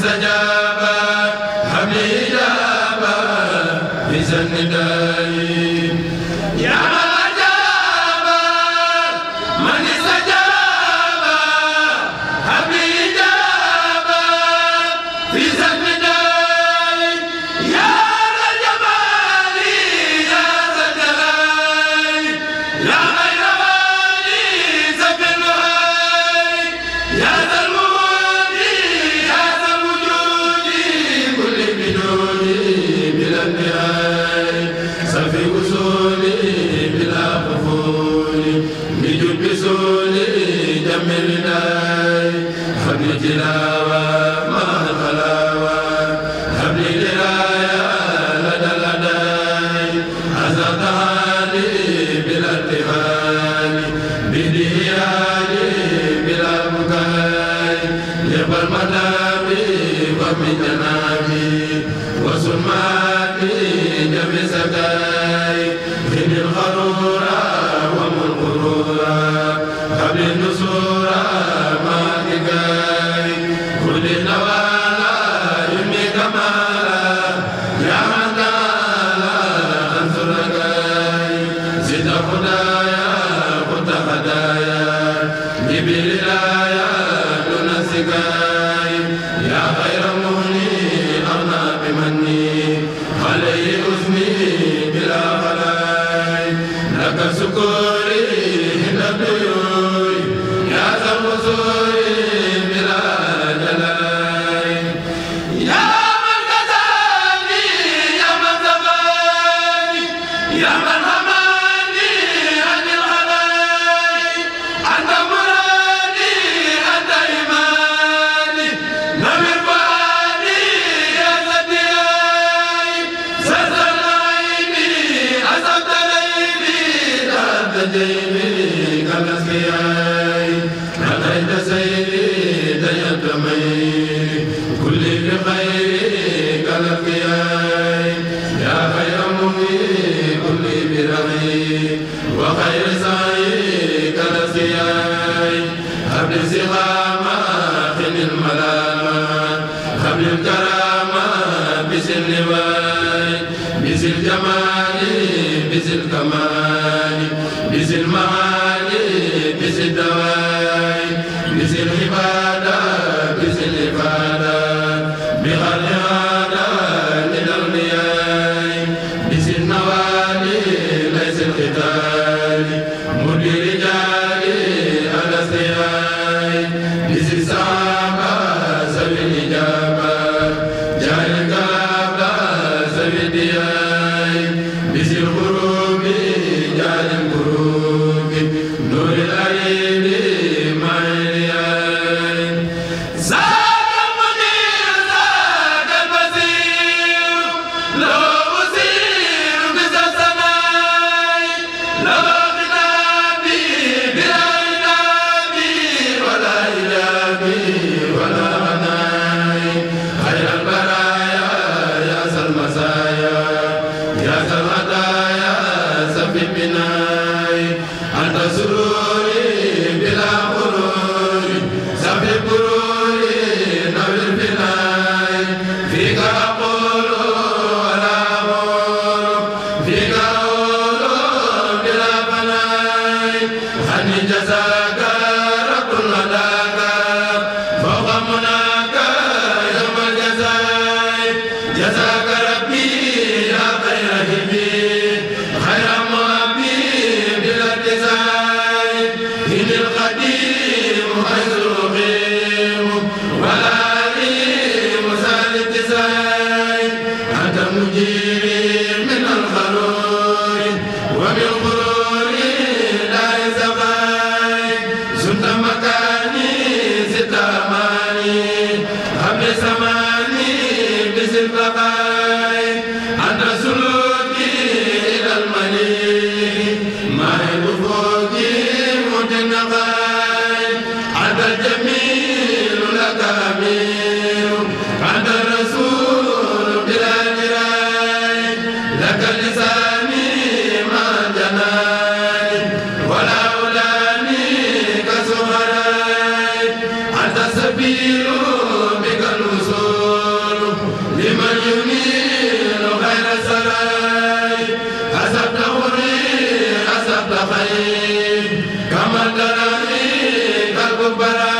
سجابا حميدا بإذن الله سماتي جميع سكاي من الخروج تجي به كالاسقياء bara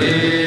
Amen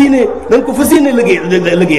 yéene dañ ko fas yéene liggéey liggéey